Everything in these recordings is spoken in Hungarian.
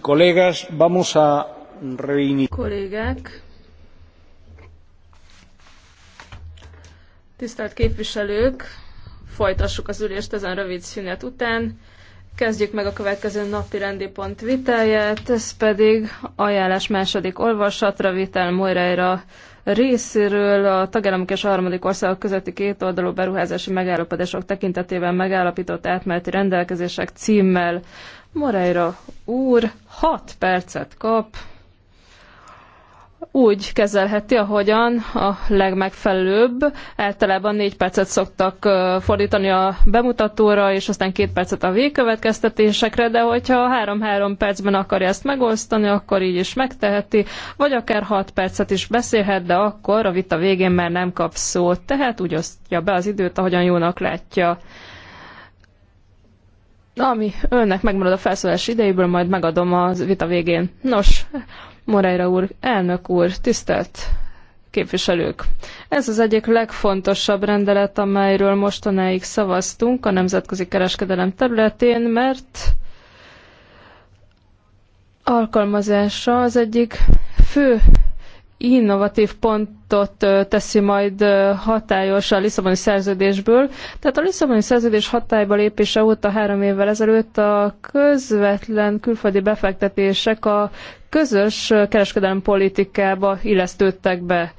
Kollégák, tisztelt képviselők, folytassuk az ülést ezen rövid szünet után. Kezdjük meg a következő napi rendi pont vitáját, ez pedig ajánlás második olvasatra vitel Moireira részéről a tagállamok és a harmadik országok közötti kétoldalú beruházási megállapodások tekintetében megállapított átmeneti rendelkezések címmel. Moreira úr 6 percet kap úgy kezelheti, ahogyan a legmegfelelőbb. Általában négy percet szoktak fordítani a bemutatóra, és aztán két percet a végkövetkeztetésekre, de hogyha három-három percben akarja ezt megosztani, akkor így is megteheti, vagy akár hat percet is beszélhet, de akkor a vita végén már nem kap szót, tehát úgy osztja be az időt, ahogyan jónak látja. Ami önnek megmarad a felszólás idejéből, majd megadom a vita végén. Nos, Moreira úr, elnök úr, tisztelt képviselők. Ez az egyik legfontosabb rendelet, amelyről mostanáig szavaztunk a nemzetközi kereskedelem területén, mert alkalmazása az egyik fő innovatív pontot teszi majd hatályos a Lisszaboni szerződésből. Tehát a Lisszaboni szerződés hatályba lépése óta három évvel ezelőtt a közvetlen külföldi befektetések a közös kereskedelmi politikába illesztődtek be.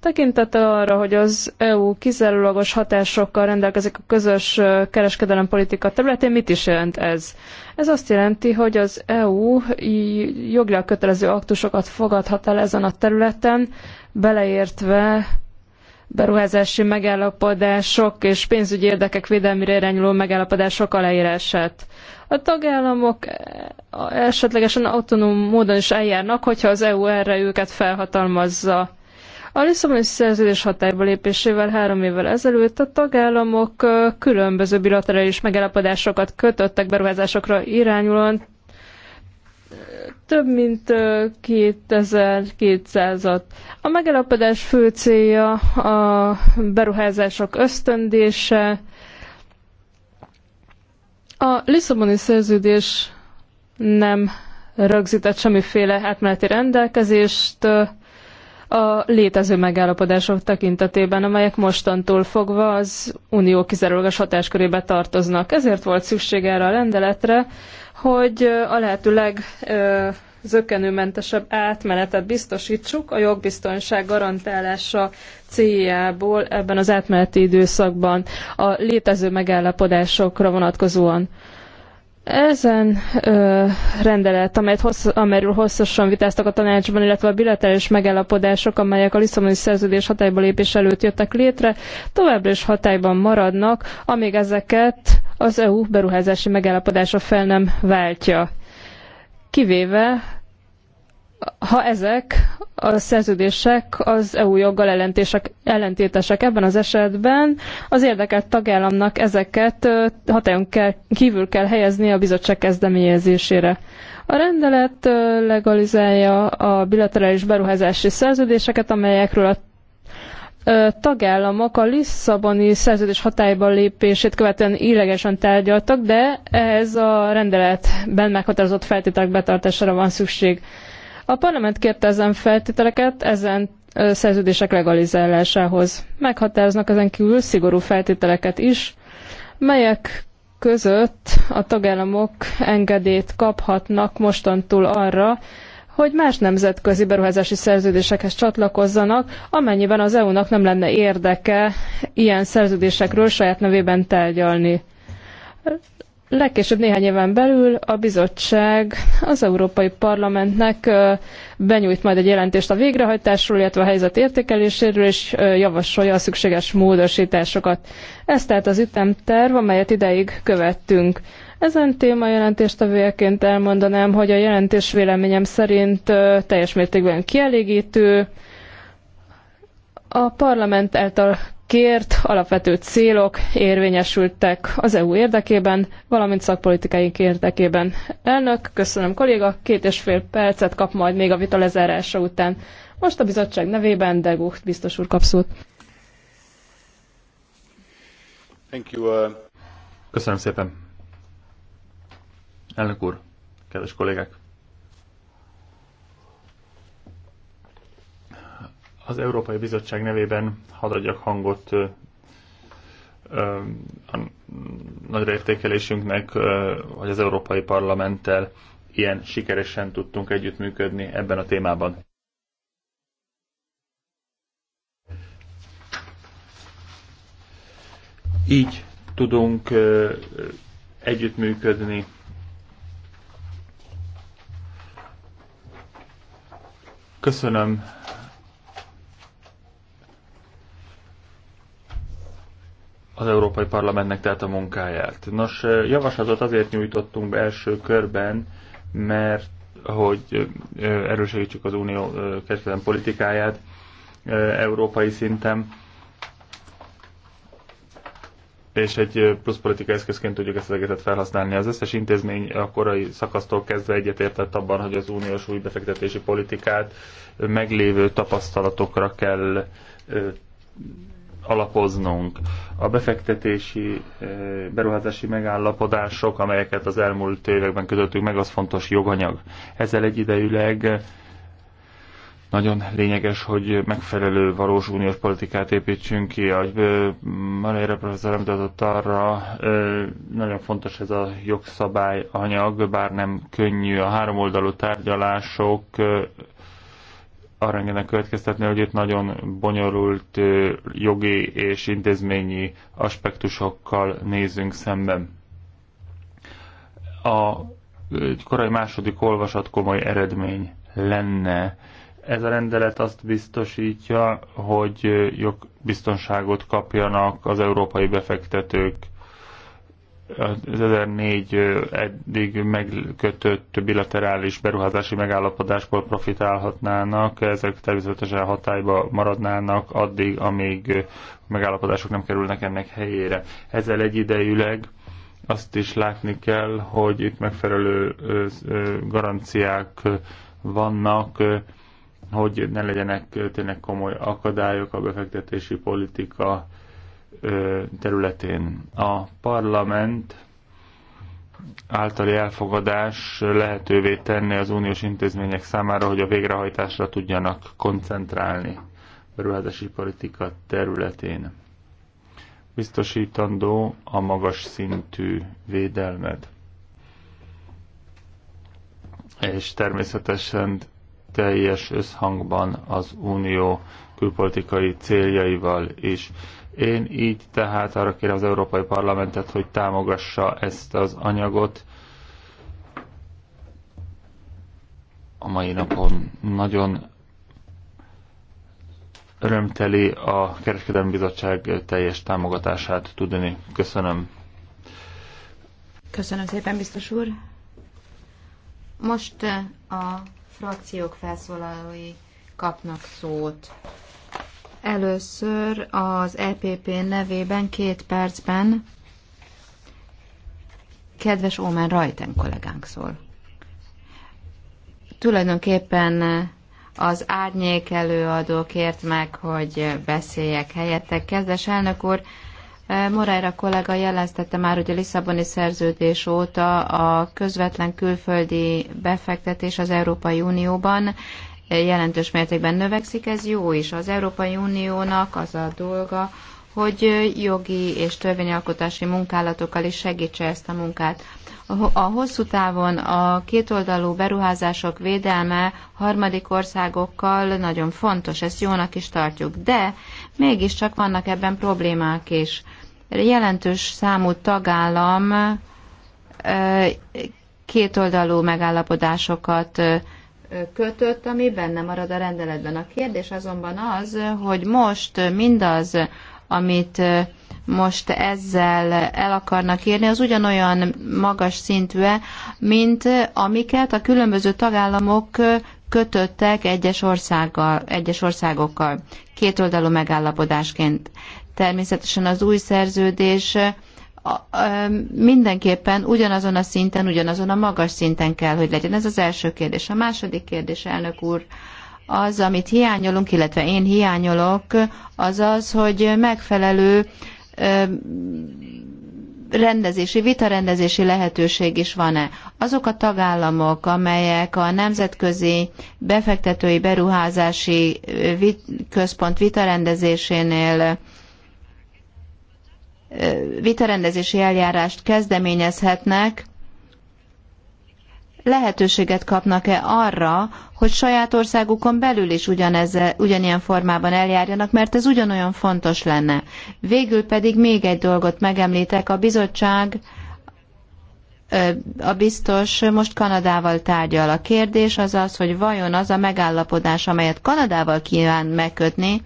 Tekintettel arra, hogy az EU kizárólagos hatásokkal rendelkezik a közös kereskedelempolitika területén, mit is jelent ez? Ez azt jelenti, hogy az EU jogilag kötelező aktusokat fogadhat el ezen a területen, beleértve beruházási megállapodások és pénzügyi érdekek védelmére irányuló megállapodások aláírását. A tagállamok e- esetlegesen autonóm módon is eljárnak, hogyha az EU erre őket felhatalmazza. A Lisszaboni szerződés hatályba lépésével három évvel ezelőtt a tagállamok különböző bilaterális megállapodásokat kötöttek beruházásokra irányulóan több mint 2200-at. A megállapodás fő célja a beruházások ösztöndése. A Lisszaboni szerződés nem rögzített semmiféle átmeneti rendelkezést, a létező megállapodások tekintetében, amelyek mostantól fogva az unió kizárólagos hatáskörébe tartoznak. Ezért volt szükség erre a rendeletre, hogy a lehető legzökkenőmentesebb átmenetet biztosítsuk a jogbiztonság garantálása céljából ebben az átmeneti időszakban a létező megállapodásokra vonatkozóan. Ezen ö, rendelet, amelyet hossz, amelyről hosszasan vitáztak a tanácsban, illetve a bilaterális megállapodások, amelyek a Lisszaboni szerződés hatályba lépés előtt jöttek létre, továbbra is hatályban maradnak, amíg ezeket az EU beruházási megállapodása fel nem váltja. Kivéve, ha ezek a szerződések az EU joggal ellentétesek. Ebben az esetben az érdekelt tagállamnak ezeket hatályon kell, kívül kell helyezni a bizottság kezdeményezésére. A rendelet legalizálja a bilaterális beruházási szerződéseket, amelyekről a tagállamok a Lisszaboni szerződés hatályba lépését követően illegesen tárgyaltak, de ez a rendeletben meghatározott feltételek betartására van szükség. A parlament kérte ezen feltételeket, ezen szerződések legalizálásához. Meghatároznak ezen kívül szigorú feltételeket is, melyek között a tagállamok engedélyt kaphatnak mostantól arra, hogy más nemzetközi beruházási szerződésekhez csatlakozzanak, amennyiben az EU-nak nem lenne érdeke ilyen szerződésekről saját nevében tárgyalni legkésőbb néhány éven belül a bizottság az Európai Parlamentnek benyújt majd egy jelentést a végrehajtásról, illetve a helyzet értékeléséről, és javasolja a szükséges módosításokat. Ez tehát az ütemterv, amelyet ideig követtünk. Ezen téma jelentéstevőjeként elmondanám, hogy a jelentés véleményem szerint teljes mértékben kielégítő, a parlament által kért alapvető célok érvényesültek az EU érdekében, valamint szakpolitikai érdekében. Elnök, köszönöm kolléga, két és fél percet kap majd még a vita lezárása után. Most a bizottság nevében Degucht biztos úr kap szót. Uh, köszönöm szépen. Elnök úr, kedves kollégák! Az Európai Bizottság nevében hadd adjak hangot a nagy értékelésünknek, hogy az Európai Parlamenttel ilyen sikeresen tudtunk együttműködni ebben a témában. Így tudunk együttműködni Köszönöm az Európai Parlamentnek tehát a munkáját. Nos, eh, javaslatot azért nyújtottunk be első körben, mert hogy eh, erősítsük az unió eh, kereskedelmi politikáját európai szinten, és egy plusz politika eszközként tudjuk ezt az egészet felhasználni. Az összes intézmény a korai szakasztól kezdve egyetértett abban, hogy az uniós új befektetési politikát meglévő tapasztalatokra kell alapoznunk. A befektetési, eh, beruházási megállapodások, amelyeket az elmúlt években kötöttünk meg, az fontos joganyag. Ezzel egyidejűleg nagyon lényeges, hogy megfelelő valós uniós politikát építsünk ki. Ahogy eh, Maléra professzor említett arra, eh, nagyon fontos ez a jogszabályanyag, bár nem könnyű. A háromoldalú tárgyalások arra engedne következtetni, hogy itt nagyon bonyolult jogi és intézményi aspektusokkal nézünk szemben. A korai második olvasat komoly eredmény lenne. Ez a rendelet azt biztosítja, hogy jogbiztonságot kapjanak az európai befektetők az 1004 eddig megkötött bilaterális beruházási megállapodásból profitálhatnának, ezek természetesen hatályba maradnának addig, amíg megállapodások nem kerülnek ennek helyére. Ezzel egyidejűleg azt is látni kell, hogy itt megfelelő garanciák vannak, hogy ne legyenek tényleg komoly akadályok a befektetési politika területén. A parlament általi elfogadás lehetővé tenni az uniós intézmények számára, hogy a végrehajtásra tudjanak koncentrálni beruházási politika területén. Biztosítandó a magas szintű védelmed. És természetesen teljes összhangban az unió külpolitikai céljaival is. Én így tehát arra kérem az Európai Parlamentet, hogy támogassa ezt az anyagot. A mai napon nagyon örömteli a Kereskedelmi Bizottság teljes támogatását tudni. Köszönöm. Köszönöm szépen, biztos úr. Most eh, a frakciók felszólalói kapnak szót. Először az EPP nevében két percben kedves omen Rajten kollégánk szól. Tulajdonképpen az árnyék előadó kért meg, hogy beszéljek helyette. Kedves elnök úr, Morájra kollega jeleztette már, hogy a Lisszaboni szerződés óta a közvetlen külföldi befektetés az Európai Unióban jelentős mértékben növekszik, ez jó is. Az Európai Uniónak az a dolga, hogy jogi és törvényalkotási munkálatokkal is segítse ezt a munkát. A hosszú távon a kétoldalú beruházások védelme harmadik országokkal nagyon fontos, ezt jónak is tartjuk, de mégiscsak vannak ebben problémák is. Jelentős számú tagállam kétoldalú megállapodásokat kötött, ami benne marad a rendeletben. A kérdés azonban az, hogy most mindaz, amit most ezzel el akarnak érni, az ugyanolyan magas szintű, mint amiket a különböző tagállamok kötöttek egyes, országgal, egyes országokkal, kétoldalú megállapodásként. Természetesen az új szerződés mindenképpen ugyanazon a szinten, ugyanazon a magas szinten kell, hogy legyen. Ez az első kérdés. A második kérdés, elnök úr, az, amit hiányolunk, illetve én hiányolok, az az, hogy megfelelő rendezési, vitarendezési lehetőség is van-e? Azok a tagállamok, amelyek a Nemzetközi Befektetői Beruházási Központ vitarendezésénél vitarendezési eljárást kezdeményezhetnek, lehetőséget kapnak-e arra, hogy saját országukon belül is ugyanezzel, ugyanilyen formában eljárjanak, mert ez ugyanolyan fontos lenne. Végül pedig még egy dolgot megemlítek, a bizottság a biztos most Kanadával tárgyal. A kérdés az az, hogy vajon az a megállapodás, amelyet Kanadával kíván megkötni,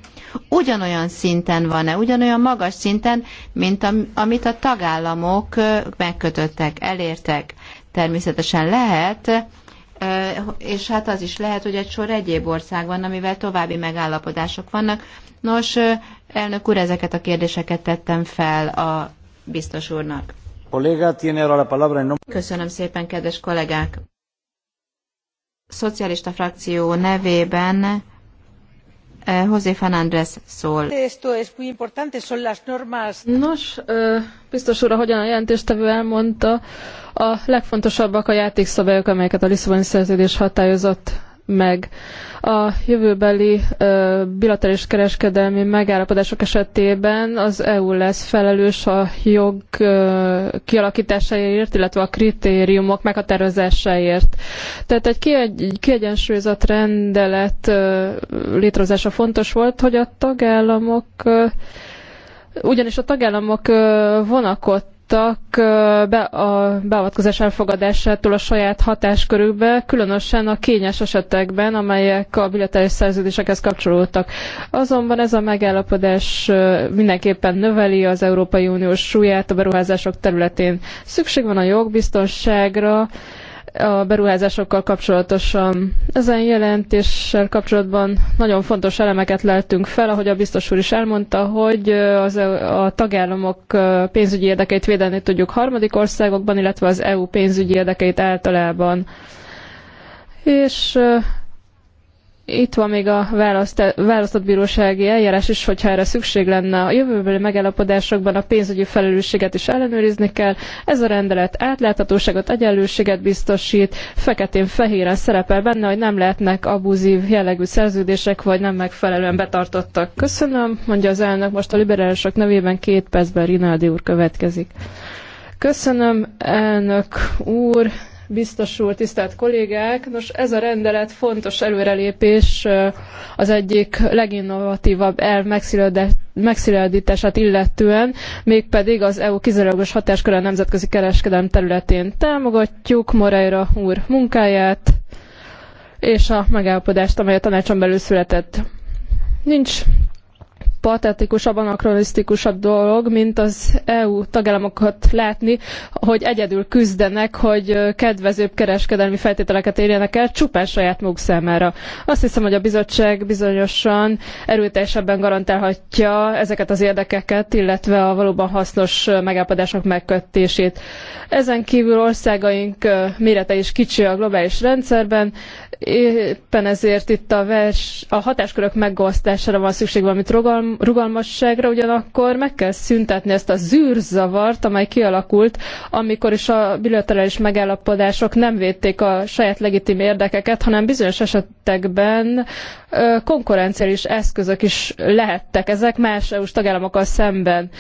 ugyanolyan szinten van-e, ugyanolyan magas szinten, mint amit a tagállamok megkötöttek, elértek. Természetesen lehet, és hát az is lehet, hogy egy sor egyéb ország van, amivel további megállapodások vannak. Nos, elnök úr, ezeket a kérdéseket tettem fel a biztos úrnak. Köszönöm szépen, kedves kollégák! Szocialista frakció nevében eh, José Fernández szól. Nos, biztos úr, ahogyan a jelentéstevő elmondta, a legfontosabbak a játékszabályok, amelyeket a Lisszaboni szerződés hatályozott meg. A jövőbeli bilaterális kereskedelmi megállapodások esetében az EU lesz felelős a jog kialakításáért, illetve a kritériumok meghatározásáért. Tehát egy kiegyensúlyozott rendelet létrehozása fontos volt, hogy a tagállamok ugyanis a tagállamok vonakot tartottak be, a beavatkozás elfogadásától a saját hatáskörükbe, különösen a kényes esetekben, amelyek a bilaterális szerződésekhez kapcsolódtak. Azonban ez a megállapodás mindenképpen növeli az Európai Uniós súlyát a beruházások területén. Szükség van a jogbiztonságra, a beruházásokkal kapcsolatosan. Ezen jelentéssel kapcsolatban nagyon fontos elemeket leltünk fel, ahogy a biztos úr is elmondta, hogy az, e- a tagállamok pénzügyi érdekeit védeni tudjuk harmadik országokban, illetve az EU pénzügyi érdekeit általában. És itt van még a választott bírósági eljárás is, hogyha erre szükség lenne. A jövőbeli megállapodásokban a pénzügyi felelősséget is ellenőrizni kell. Ez a rendelet átláthatóságot, egyenlőséget biztosít, feketén-fehéren szerepel benne, hogy nem lehetnek abuzív jellegű szerződések, vagy nem megfelelően betartottak. Köszönöm, mondja az elnök. Most a liberálisok nevében két percben Rinaldi úr következik. Köszönöm, elnök úr, biztos úr, tisztelt kollégák! Nos, ez a rendelet fontos előrelépés az egyik leginnovatívabb elv megszilárdítását illetően, mégpedig az EU kizárólagos hatásköre a nemzetközi kereskedelem területén. Támogatjuk Moreira úr munkáját és a megállapodást, amely a tanácson belül született. Nincs patetikusabb, anakronisztikusabb dolog, mint az EU tagállamokat látni, hogy egyedül küzdenek, hogy kedvezőbb kereskedelmi feltételeket érjenek el csupán saját maguk számára. Azt hiszem, hogy a bizottság bizonyosan erőteljesebben garantálhatja ezeket az érdekeket, illetve a valóban hasznos megállapodások megkötését. Ezen kívül országaink mérete is kicsi a globális rendszerben, éppen ezért itt a, vers, a hatáskörök megosztására van szükség valamit rogalmas, rugalmasságra, ugyanakkor meg kell szüntetni ezt a zűrzavart, amely kialakult, amikor is a bilaterális megállapodások nem védték a saját legitim érdekeket, hanem bizonyos esetekben konkurenciális eszközök is lehettek ezek más EU-s tagállamokkal szemben.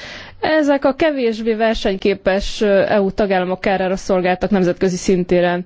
Ezek a kevésbé versenyképes EU tagállamok kárára szolgáltak nemzetközi szintéren.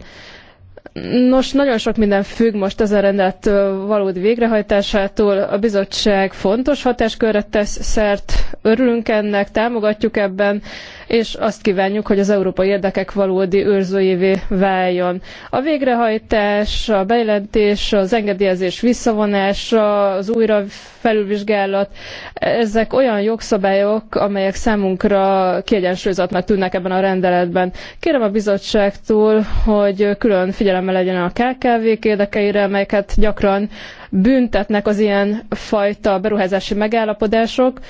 Nos, nagyon sok minden függ most ezen rendelet valódi végrehajtásától. A bizottság fontos hatáskörre tesz szert, örülünk ennek, támogatjuk ebben, és azt kívánjuk, hogy az európai érdekek valódi őrzőjévé váljon. A végrehajtás, a bejelentés, az engedélyezés visszavonása, az újra felülvizsgálat, ezek olyan jogszabályok, amelyek számunkra kiegyensúlyozatnak tűnnek ebben a rendeletben. Kérem a bizottságtól, hogy külön figyelemmel figyelme legyen a KKV-k érdekeire, amelyeket gyakran büntetnek az ilyen fajta beruházási megállapodások.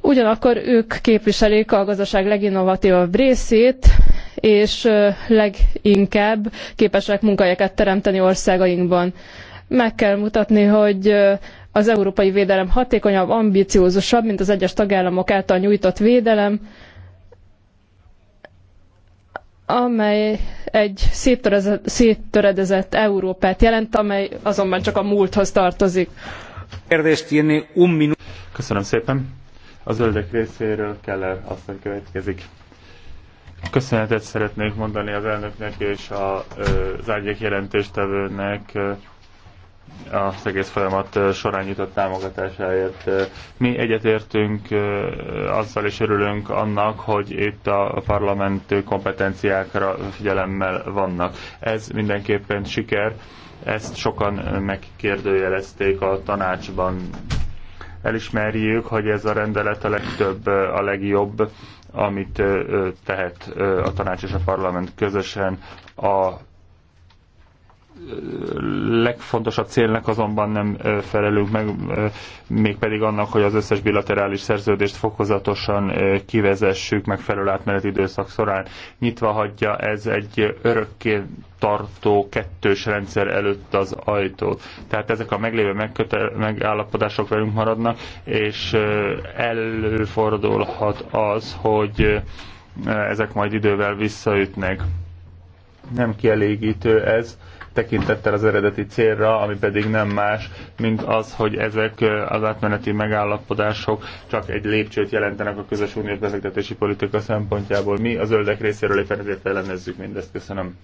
Ugyanakkor ők képviselik a gazdaság leginnovatívabb részét, és leginkább képesek munkahelyeket teremteni országainkban. Meg kell mutatni, hogy az európai védelem hatékonyabb, ambiciózusabb, mint az egyes tagállamok által nyújtott védelem, amely egy széttöredezett, széttöredezett Európát jelent, amely azonban csak a múlthoz tartozik. Köszönöm szépen. A zöldek részéről Keller aztán következik. Köszönetet szeretnék mondani az elnöknek és a, az árnyék jelentéstevőnek az egész folyamat során nyújtott támogatásáért. Mi egyetértünk azzal és örülünk annak, hogy itt a parlament kompetenciákra figyelemmel vannak. Ez mindenképpen siker, ezt sokan megkérdőjelezték a tanácsban. Elismerjük, hogy ez a rendelet a legtöbb, a legjobb, amit tehet a tanács és a parlament közösen a legfontosabb célnak azonban nem felelünk meg, mégpedig annak, hogy az összes bilaterális szerződést fokozatosan kivezessük megfelelő átmeneti időszak során. Nyitva hagyja ez egy örökké tartó kettős rendszer előtt az ajtót. Tehát ezek a meglévő megköte- megállapodások velünk maradnak, és előfordulhat az, hogy ezek majd idővel visszaütnek. Nem kielégítő ez tekintettel az eredeti célra, ami pedig nem más, mint az, hogy ezek az átmeneti megállapodások csak egy lépcsőt jelentenek a közös uniós befektetési politika szempontjából. Mi az öldek részéről éppen ezért ellenezzük mindezt. Köszönöm.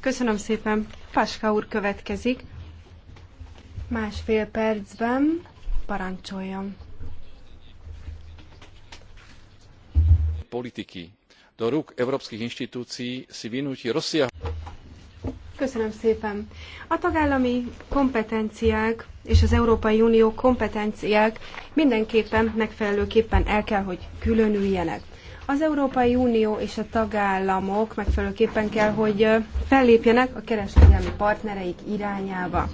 Köszönöm szépen. Paska úr következik. Másfél percben parancsoljon. Politiki do rúk európskych inštitúcií si vynúti rozsiahlu Köszönöm szépen. A tagállami kompetenciák és az Európai Unió kompetenciák mindenképpen megfelelőképpen el kell, hogy különüljenek. Az Európai Unió és a tagállamok megfelelőképpen kell, hogy fellépjenek a kereskedelmi partnereik irányába.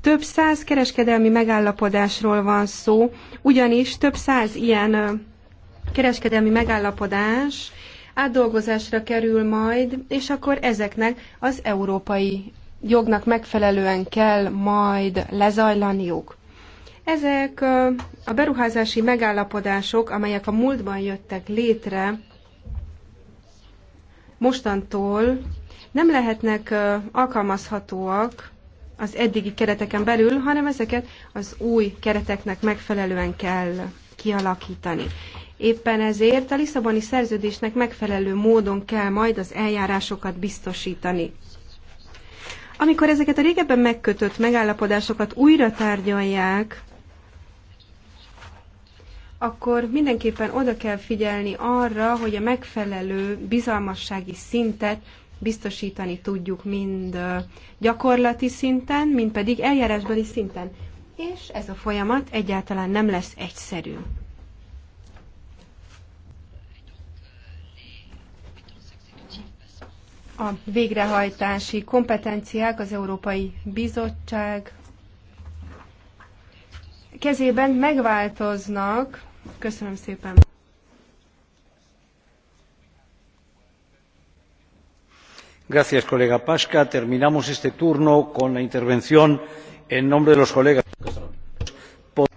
Több száz kereskedelmi megállapodásról van szó, ugyanis több száz ilyen kereskedelmi megállapodás átdolgozásra kerül majd, és akkor ezeknek az európai jognak megfelelően kell majd lezajlaniuk. Ezek a beruházási megállapodások, amelyek a múltban jöttek létre, mostantól nem lehetnek alkalmazhatóak az eddigi kereteken belül, hanem ezeket az új kereteknek megfelelően kell kialakítani. Éppen ezért a Lisszaboni szerződésnek megfelelő módon kell majd az eljárásokat biztosítani. Amikor ezeket a régebben megkötött megállapodásokat újra tárgyalják, akkor mindenképpen oda kell figyelni arra, hogy a megfelelő bizalmassági szintet biztosítani tudjuk mind gyakorlati szinten, mind pedig eljárásbeli szinten. És ez a folyamat egyáltalán nem lesz egyszerű. a végrehajtási kompetenciák az Európai Bizottság kezében megváltoznak. Köszönöm szépen. Gracias, kollega Pasca. Terminamos este turno con la intervención en nombre de los colegas.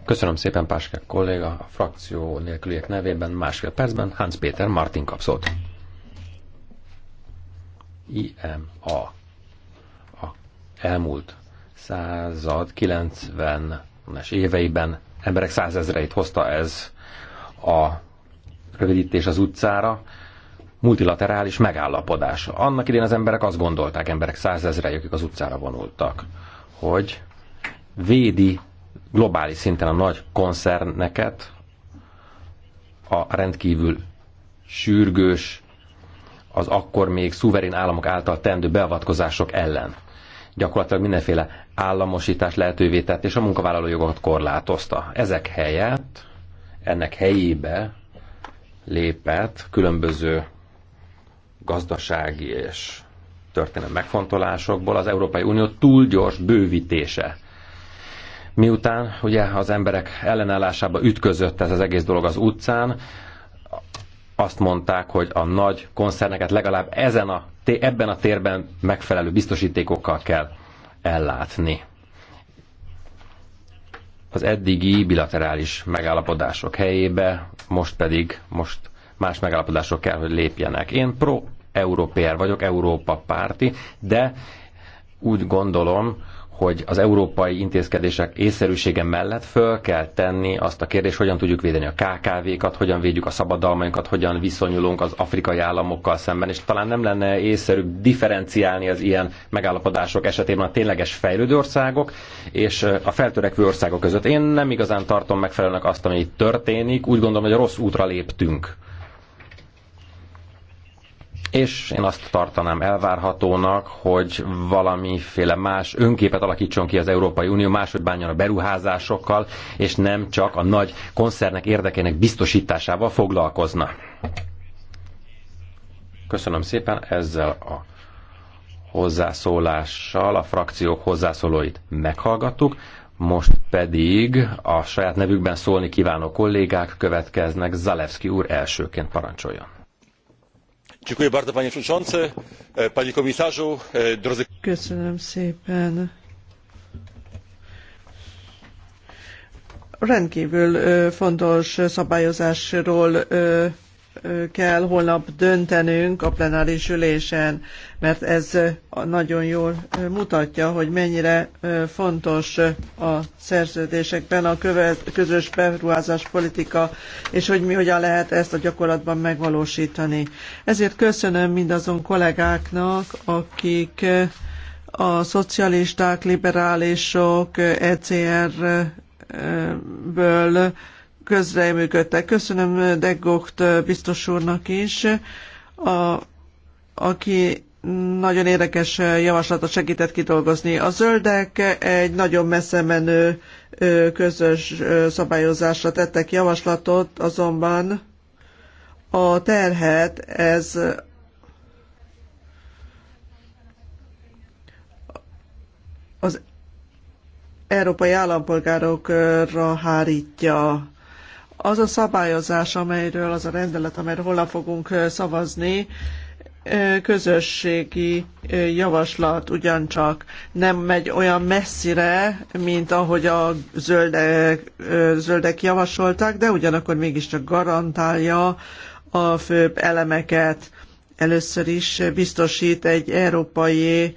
Köszönöm. szépen, Páske kolléga, a frakció nélküliek nevében másfél percben Hans Péter Martin kapszott. IMA. A elmúlt század 90-es éveiben emberek százezreit hozta ez a rövidítés az utcára, multilaterális megállapodás. Annak idén az emberek azt gondolták, emberek százezrei, akik az utcára vonultak, hogy védi globális szinten a nagy koncerneket a rendkívül sürgős az akkor még szuverén államok által tendő beavatkozások ellen. Gyakorlatilag mindenféle államosítás lehetővé tett, és a munkavállaló jogot korlátozta. Ezek helyett, ennek helyébe lépett különböző gazdasági és történelmi megfontolásokból az Európai Unió túl gyors bővítése. Miután ugye az emberek ellenállásába ütközött ez az egész dolog az utcán, azt mondták, hogy a nagy koncerneket legalább ezen a, ebben a térben megfelelő biztosítékokkal kell ellátni. Az eddigi bilaterális megállapodások helyébe most pedig most más megállapodások kell, hogy lépjenek. Én pro-európér vagyok, Európa párti, de úgy gondolom, hogy az európai intézkedések észszerűsége mellett föl kell tenni azt a kérdést, hogyan tudjuk védeni a KKV-kat, hogyan védjük a szabadalmainkat, hogyan viszonyulunk az afrikai államokkal szemben, és talán nem lenne észszerűbb differenciálni az ilyen megállapodások esetében a tényleges fejlődő országok és a feltörekvő országok között. Én nem igazán tartom megfelelőnek azt, ami itt történik, úgy gondolom, hogy a rossz útra léptünk és én azt tartanám elvárhatónak, hogy valamiféle más önképet alakítson ki az Európai Unió, máshogy bánjon a beruházásokkal, és nem csak a nagy koncernek érdekének biztosításával foglalkozna. Köszönöm szépen ezzel a hozzászólással a frakciók hozzászólóit meghallgattuk, most pedig a saját nevükben szólni kívánó kollégák következnek. Zalewski úr elsőként parancsoljon panie przewodniczący! E, panie komisarzu! E, drodzy rendkvül e, fontos szabályozásról kell holnap döntenünk a plenáris ülésen, mert ez nagyon jól mutatja, hogy mennyire fontos a szerződésekben a közös beruházás politika, és hogy mi hogyan lehet ezt a gyakorlatban megvalósítani. Ezért köszönöm mindazon kollégáknak, akik a szocialisták, liberálisok, ECR-ből közreműködtek. Köszönöm Deggokt biztos úrnak is, a, aki nagyon érdekes javaslatot segített kidolgozni. A zöldek egy nagyon messze menő közös szabályozásra tettek javaslatot, azonban a terhet ez az európai állampolgárokra hárítja az a szabályozás, amelyről az a rendelet, amelyről holnap fogunk szavazni, közösségi javaslat ugyancsak nem megy olyan messzire, mint ahogy a zöldek, zöldek javasolták, de ugyanakkor mégiscsak garantálja a főbb elemeket először is biztosít egy európai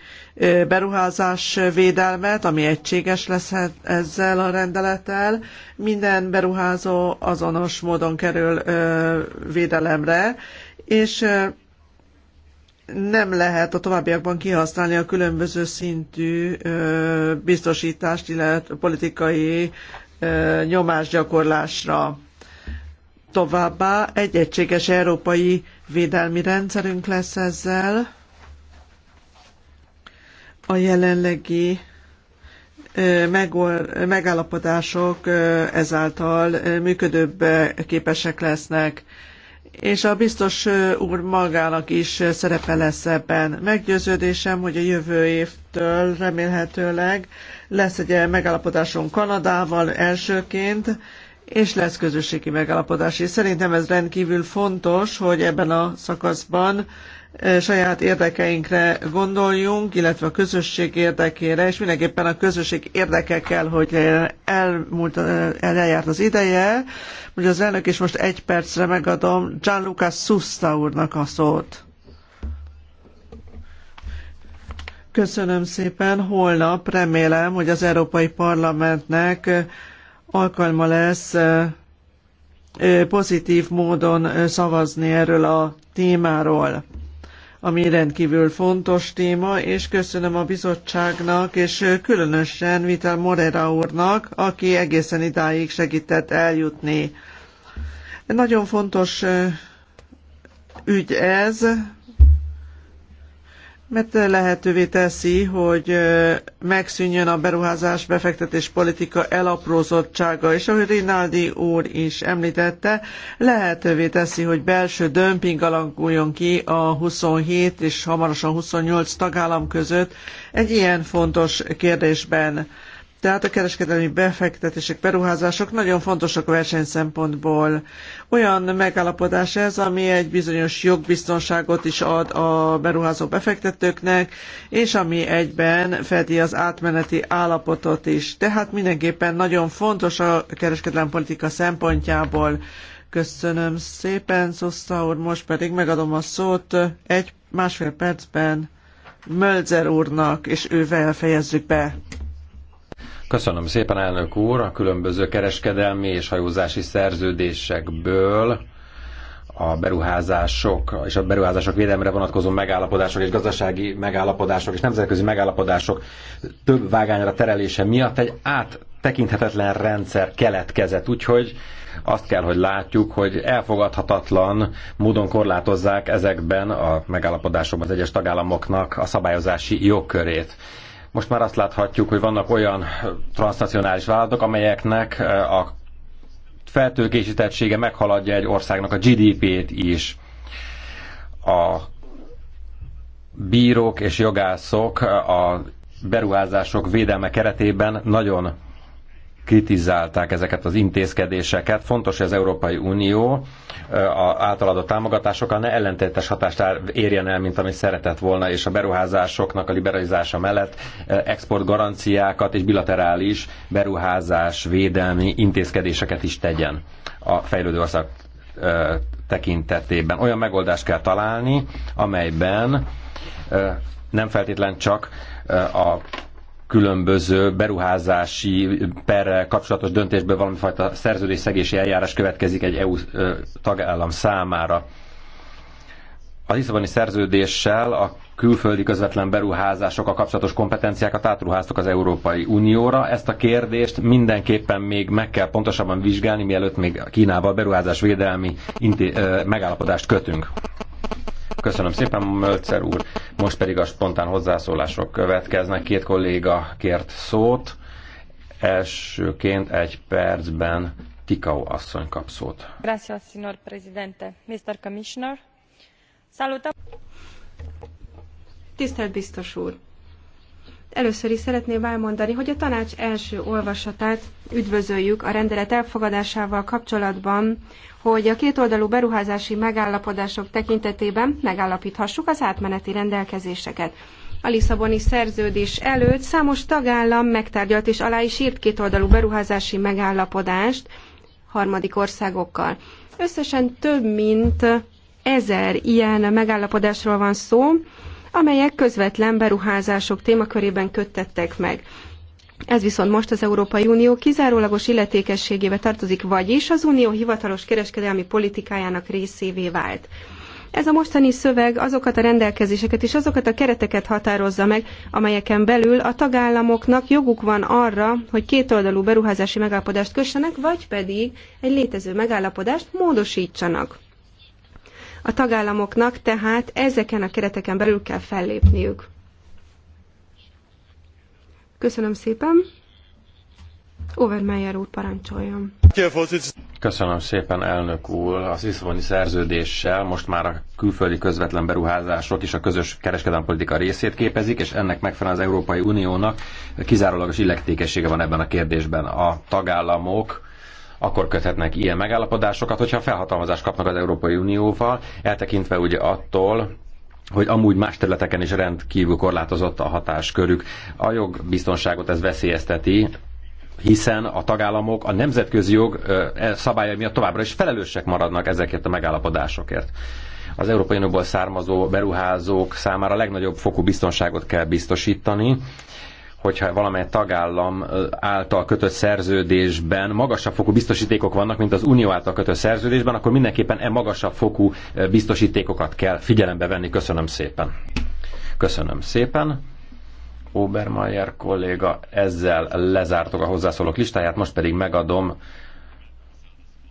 beruházás védelmet, ami egységes lesz e- ezzel a rendelettel. Minden beruházó azonos módon kerül védelemre, és nem lehet a továbbiakban kihasználni a különböző szintű biztosítást, illetve politikai nyomásgyakorlásra Továbbá egy egységes európai védelmi rendszerünk lesz ezzel. A jelenlegi megállapodások ezáltal működőbb képesek lesznek és a biztos úr magának is szerepe lesz ebben. Meggyőződésem, hogy a jövő évtől remélhetőleg lesz egy megállapodásunk Kanadával elsőként, és lesz közösségi megállapodás. És szerintem ez rendkívül fontos, hogy ebben a szakaszban saját érdekeinkre gondoljunk, illetve a közösség érdekére, és mindenképpen a közösség érdeke kell, hogy elmúlt, eljárt az ideje, Ugye az elnök is most egy percre megadom Gianluca Susta úrnak a szót. Köszönöm szépen, holnap remélem, hogy az Európai Parlamentnek alkalma lesz pozitív módon szavazni erről a témáról ami rendkívül fontos téma, és köszönöm a bizottságnak, és különösen Vitel Morera úrnak, aki egészen idáig segített eljutni. Nagyon fontos ügy ez, mert lehetővé teszi, hogy megszűnjön a beruházás befektetés politika elaprózottsága, és ahogy Rinaldi úr is említette, lehetővé teszi, hogy belső dömping alakuljon ki a 27 és hamarosan 28 tagállam között egy ilyen fontos kérdésben tehát a kereskedelmi befektetések, beruházások nagyon fontosak versenyszempontból. Olyan megállapodás ez, ami egy bizonyos jogbiztonságot is ad a beruházó befektetőknek, és ami egyben fedi az átmeneti állapotot is. Tehát mindenképpen nagyon fontos a kereskedelmi politika szempontjából. Köszönöm szépen, Szossza úr, most pedig megadom a szót egy másfél percben Mölzer úrnak, és ővel fejezzük be. Köszönöm szépen, elnök úr, a különböző kereskedelmi és hajózási szerződésekből a beruházások és a beruházások védelmre vonatkozó megállapodások és gazdasági megállapodások és nemzetközi megállapodások több vágányra terelése miatt egy áttekinthetetlen rendszer keletkezett. Úgyhogy azt kell, hogy látjuk, hogy elfogadhatatlan módon korlátozzák ezekben a megállapodásokban az egyes tagállamoknak a szabályozási jogkörét. Most már azt láthatjuk, hogy vannak olyan transnacionális vállalatok, amelyeknek a feltőkésítettsége meghaladja egy országnak a GDP-t is. A bírók és jogászok a beruházások védelme keretében nagyon kritizálták ezeket az intézkedéseket. Fontos, hogy az Európai Unió a általadott támogatásokkal ne ellentétes hatást érjen el, mint amit szeretett volna, és a beruházásoknak a liberalizása mellett exportgaranciákat és bilaterális beruházás védelmi intézkedéseket is tegyen a fejlődő ország tekintetében. Olyan megoldást kell találni, amelyben nem feltétlen csak a különböző beruházási perrel kapcsolatos döntésből valamifajta szerződésszegési eljárás következik egy EU tagállam számára. A Lisszaboni szerződéssel a külföldi közvetlen beruházások a kapcsolatos kompetenciákat átruháztuk az Európai Unióra. Ezt a kérdést mindenképpen még meg kell pontosabban vizsgálni, mielőtt még Kínával beruházásvédelmi inté- megállapodást kötünk. Köszönöm szépen, Mölcer úr. Most pedig a spontán hozzászólások következnek. Két kolléga kért szót. Elsőként egy percben Tikau asszony kap szót. Gracias, signor presidente. Mr. Commissioner, salutam. Tisztelt biztos úr! Először is szeretném elmondani, hogy a tanács első olvasatát üdvözöljük a rendelet elfogadásával kapcsolatban, hogy a kétoldalú beruházási megállapodások tekintetében megállapíthassuk az átmeneti rendelkezéseket. A Lisszaboni szerződés előtt számos tagállam megtárgyalt és alá is írt kétoldalú beruházási megállapodást harmadik országokkal. Összesen több mint ezer ilyen megállapodásról van szó, amelyek közvetlen beruházások témakörében köttettek meg. Ez viszont most az Európai Unió kizárólagos illetékességébe tartozik, vagyis az Unió hivatalos kereskedelmi politikájának részévé vált. Ez a mostani szöveg azokat a rendelkezéseket és azokat a kereteket határozza meg, amelyeken belül a tagállamoknak joguk van arra, hogy kétoldalú beruházási megállapodást kössenek, vagy pedig egy létező megállapodást módosítsanak. A tagállamoknak tehát ezeken a kereteken belül kell fellépniük. Köszönöm szépen. Overmeyer úr parancsoljon. Köszönöm szépen, elnök úr. Az iszlóni szerződéssel most már a külföldi közvetlen beruházások is a közös kereskedelmi politika részét képezik, és ennek megfelelően az Európai Uniónak kizárólagos illetékessége van ebben a kérdésben. A tagállamok akkor köthetnek ilyen megállapodásokat, hogyha felhatalmazást kapnak az Európai Unióval, eltekintve ugye attól, hogy amúgy más területeken is rendkívül korlátozott a hatáskörük. A jogbiztonságot ez veszélyezteti, hiszen a tagállamok a nemzetközi jog e, szabályai miatt továbbra is felelősek maradnak ezekért a megállapodásokért. Az Európai Unióból származó beruházók számára legnagyobb fokú biztonságot kell biztosítani, hogyha valamely tagállam által kötött szerződésben magasabb fokú biztosítékok vannak, mint az unió által kötött szerződésben, akkor mindenképpen e magasabb fokú biztosítékokat kell figyelembe venni. Köszönöm szépen. Köszönöm szépen. Obermeier kolléga, ezzel lezártok a hozzászólók listáját, most pedig megadom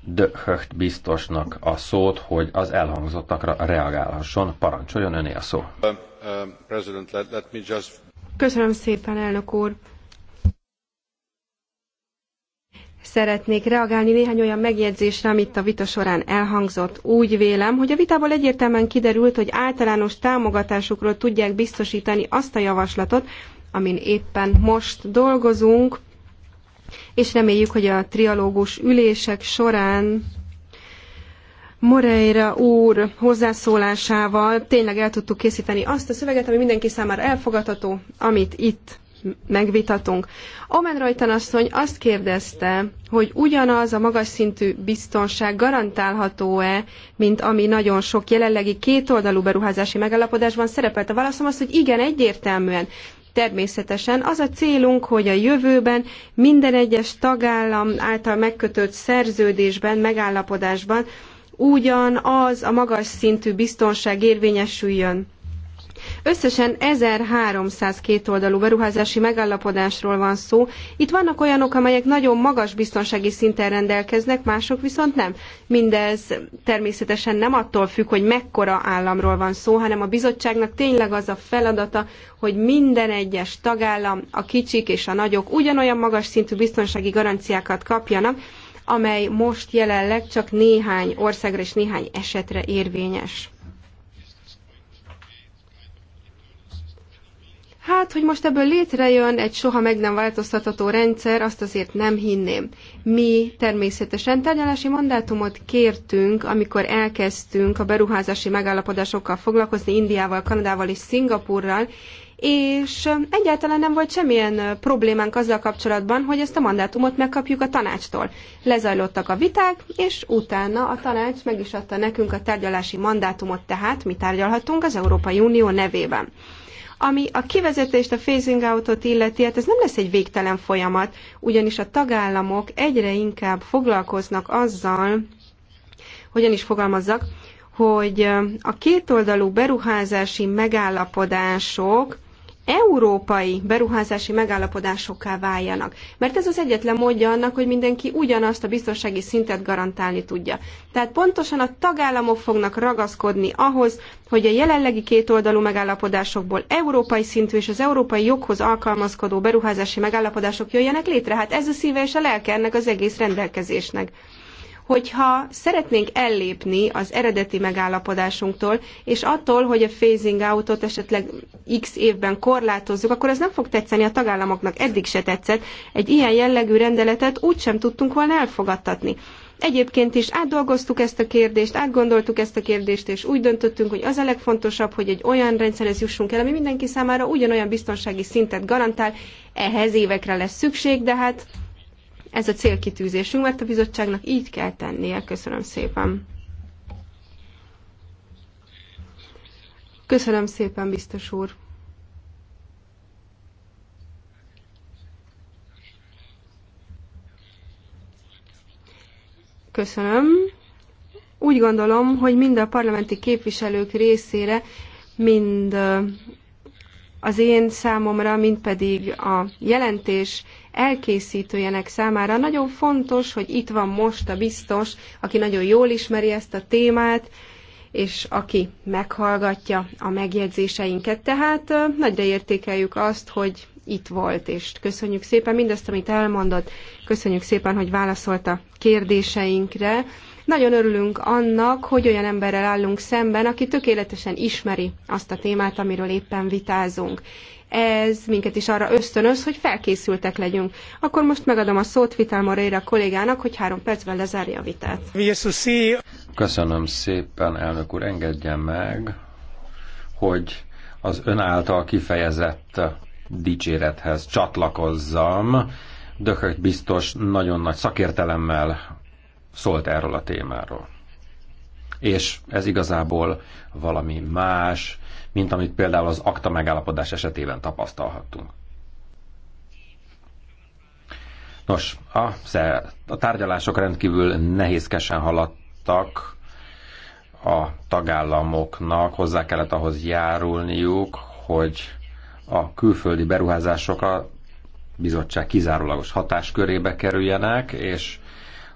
de Höcht biztosnak a szót, hogy az elhangzottakra reagálhasson. Parancsoljon öné a szó. Um, um, Köszönöm szépen, elnök úr! Szeretnék reagálni néhány olyan megjegyzésre, amit a vita során elhangzott. Úgy vélem, hogy a vitából egyértelműen kiderült, hogy általános támogatásukról tudják biztosítani azt a javaslatot, amin éppen most dolgozunk, és reméljük, hogy a trialógus ülések során Moreira úr hozzászólásával tényleg el tudtuk készíteni azt a szöveget, ami mindenki számára elfogadható, amit itt megvitatunk. Omen Rajtan asszony azt kérdezte, hogy ugyanaz a magas szintű biztonság garantálható-e, mint ami nagyon sok jelenlegi kétoldalú beruházási megállapodásban szerepelt. A válaszom az, hogy igen, egyértelműen. Természetesen az a célunk, hogy a jövőben minden egyes tagállam által megkötött szerződésben, megállapodásban ugyanaz a magas szintű biztonság érvényesüljön. Összesen 1300 kétoldalú beruházási megállapodásról van szó. Itt vannak olyanok, amelyek nagyon magas biztonsági szinten rendelkeznek, mások viszont nem. Mindez természetesen nem attól függ, hogy mekkora államról van szó, hanem a bizottságnak tényleg az a feladata, hogy minden egyes tagállam, a kicsik és a nagyok ugyanolyan magas szintű biztonsági garanciákat kapjanak, amely most jelenleg csak néhány országra és néhány esetre érvényes. Hát, hogy most ebből létrejön egy soha meg nem változtatható rendszer, azt azért nem hinném. Mi természetesen tárgyalási mandátumot kértünk, amikor elkezdtünk a beruházási megállapodásokkal foglalkozni Indiával, Kanadával és Szingapurral, és egyáltalán nem volt semmilyen problémánk azzal kapcsolatban, hogy ezt a mandátumot megkapjuk a tanácstól. Lezajlottak a viták, és utána a tanács meg is adta nekünk a tárgyalási mandátumot, tehát mi tárgyalhatunk az Európai Unió nevében. Ami a kivezetést, a phasing outot illeti, hát ez nem lesz egy végtelen folyamat, ugyanis a tagállamok egyre inkább foglalkoznak azzal, hogyan is fogalmazzak, hogy a kétoldalú beruházási megállapodások európai beruházási megállapodásokká váljanak. Mert ez az egyetlen módja annak, hogy mindenki ugyanazt a biztonsági szintet garantálni tudja. Tehát pontosan a tagállamok fognak ragaszkodni ahhoz, hogy a jelenlegi kétoldalú megállapodásokból európai szintű és az európai joghoz alkalmazkodó beruházási megállapodások jöjjenek létre. Hát ez a szíve és a lelke ennek az egész rendelkezésnek. Hogyha szeretnénk ellépni az eredeti megállapodásunktól, és attól, hogy a phasing outot esetleg x évben korlátozzuk, akkor ez nem fog tetszeni a tagállamoknak, eddig se tetszett. Egy ilyen jellegű rendeletet úgysem tudtunk volna elfogadtatni. Egyébként is átdolgoztuk ezt a kérdést, átgondoltuk ezt a kérdést, és úgy döntöttünk, hogy az a legfontosabb, hogy egy olyan rendszerhez jussunk el, ami mindenki számára ugyanolyan biztonsági szintet garantál. Ehhez évekre lesz szükség, de hát ez a célkitűzésünk, mert a bizottságnak így kell tennie. Köszönöm szépen. Köszönöm szépen, biztos úr. Köszönöm. Úgy gondolom, hogy mind a parlamenti képviselők részére, mind az én számomra, mint pedig a jelentés elkészítőjenek számára nagyon fontos, hogy itt van most a biztos, aki nagyon jól ismeri ezt a témát, és aki meghallgatja a megjegyzéseinket. Tehát nagyra értékeljük azt, hogy itt volt, és köszönjük szépen mindezt, amit elmondott, köszönjük szépen, hogy válaszolta kérdéseinkre, nagyon örülünk annak, hogy olyan emberrel állunk szemben, aki tökéletesen ismeri azt a témát, amiről éppen vitázunk. Ez minket is arra ösztönöz, hogy felkészültek legyünk. Akkor most megadom a szót Vital Moreira kollégának, hogy három percben lezárja a vitát. Köszönöm szépen, elnök úr, engedje meg, hogy az ön által kifejezett dicsérethez csatlakozzam. Dökök biztos nagyon nagy szakértelemmel szólt erről a témáról. És ez igazából valami más, mint amit például az akta megállapodás esetében tapasztalhattunk. Nos, a, a tárgyalások rendkívül nehézkesen haladtak, a tagállamoknak hozzá kellett ahhoz járulniuk, hogy a külföldi beruházások a bizottság kizárólagos hatáskörébe kerüljenek, és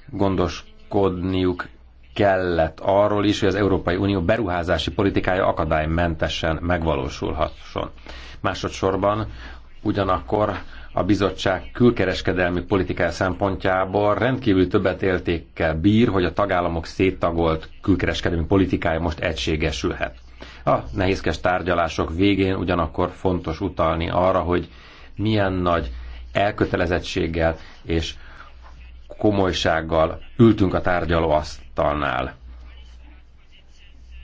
gondos gondoskodniuk kellett arról is, hogy az Európai Unió beruházási politikája akadálymentesen megvalósulhasson. Másodszorban ugyanakkor a bizottság külkereskedelmi politikája szempontjából rendkívül többet értékkel bír, hogy a tagállamok széttagolt külkereskedelmi politikája most egységesülhet. A nehézkes tárgyalások végén ugyanakkor fontos utalni arra, hogy milyen nagy elkötelezettséggel és komolysággal ültünk a tárgyalóasztalnál.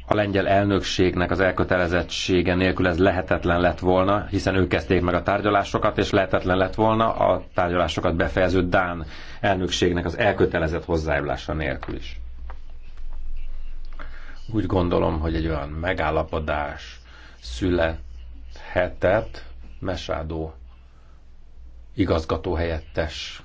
A lengyel elnökségnek az elkötelezettsége nélkül ez lehetetlen lett volna, hiszen ők kezdték meg a tárgyalásokat, és lehetetlen lett volna a tárgyalásokat befejező Dán elnökségnek az elkötelezett hozzájárulása nélkül is. Úgy gondolom, hogy egy olyan megállapodás születhetett, Mesádó igazgató helyettes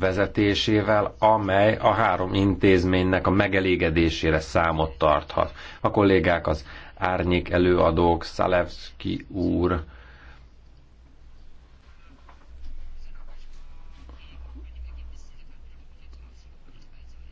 vezetésével, amely a három intézménynek a megelégedésére számot tarthat. A kollégák az árnyék előadók, Szalevski úr,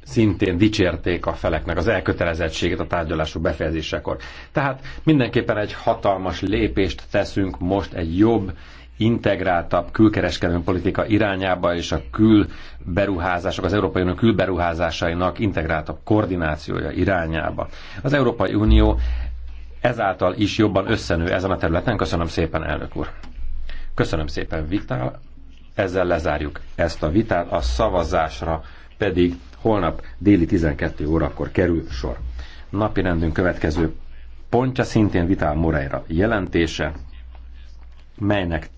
szintén dicsérték a feleknek az elkötelezettségét a tárgyalások befejezésekor. Tehát mindenképpen egy hatalmas lépést teszünk most egy jobb, integráltabb külkereskedelmi politika irányába és a külberuházások, az Európai Unió külberuházásainak integráltabb koordinációja irányába. Az Európai Unió ezáltal is jobban összenő ezen a területen. Köszönöm szépen, elnök úr. Köszönöm szépen, Vitál. Ezzel lezárjuk ezt a vitát, a szavazásra pedig holnap déli 12 órakor kerül sor. Napi rendünk következő pontja szintén Vitál Moreira jelentése, melynek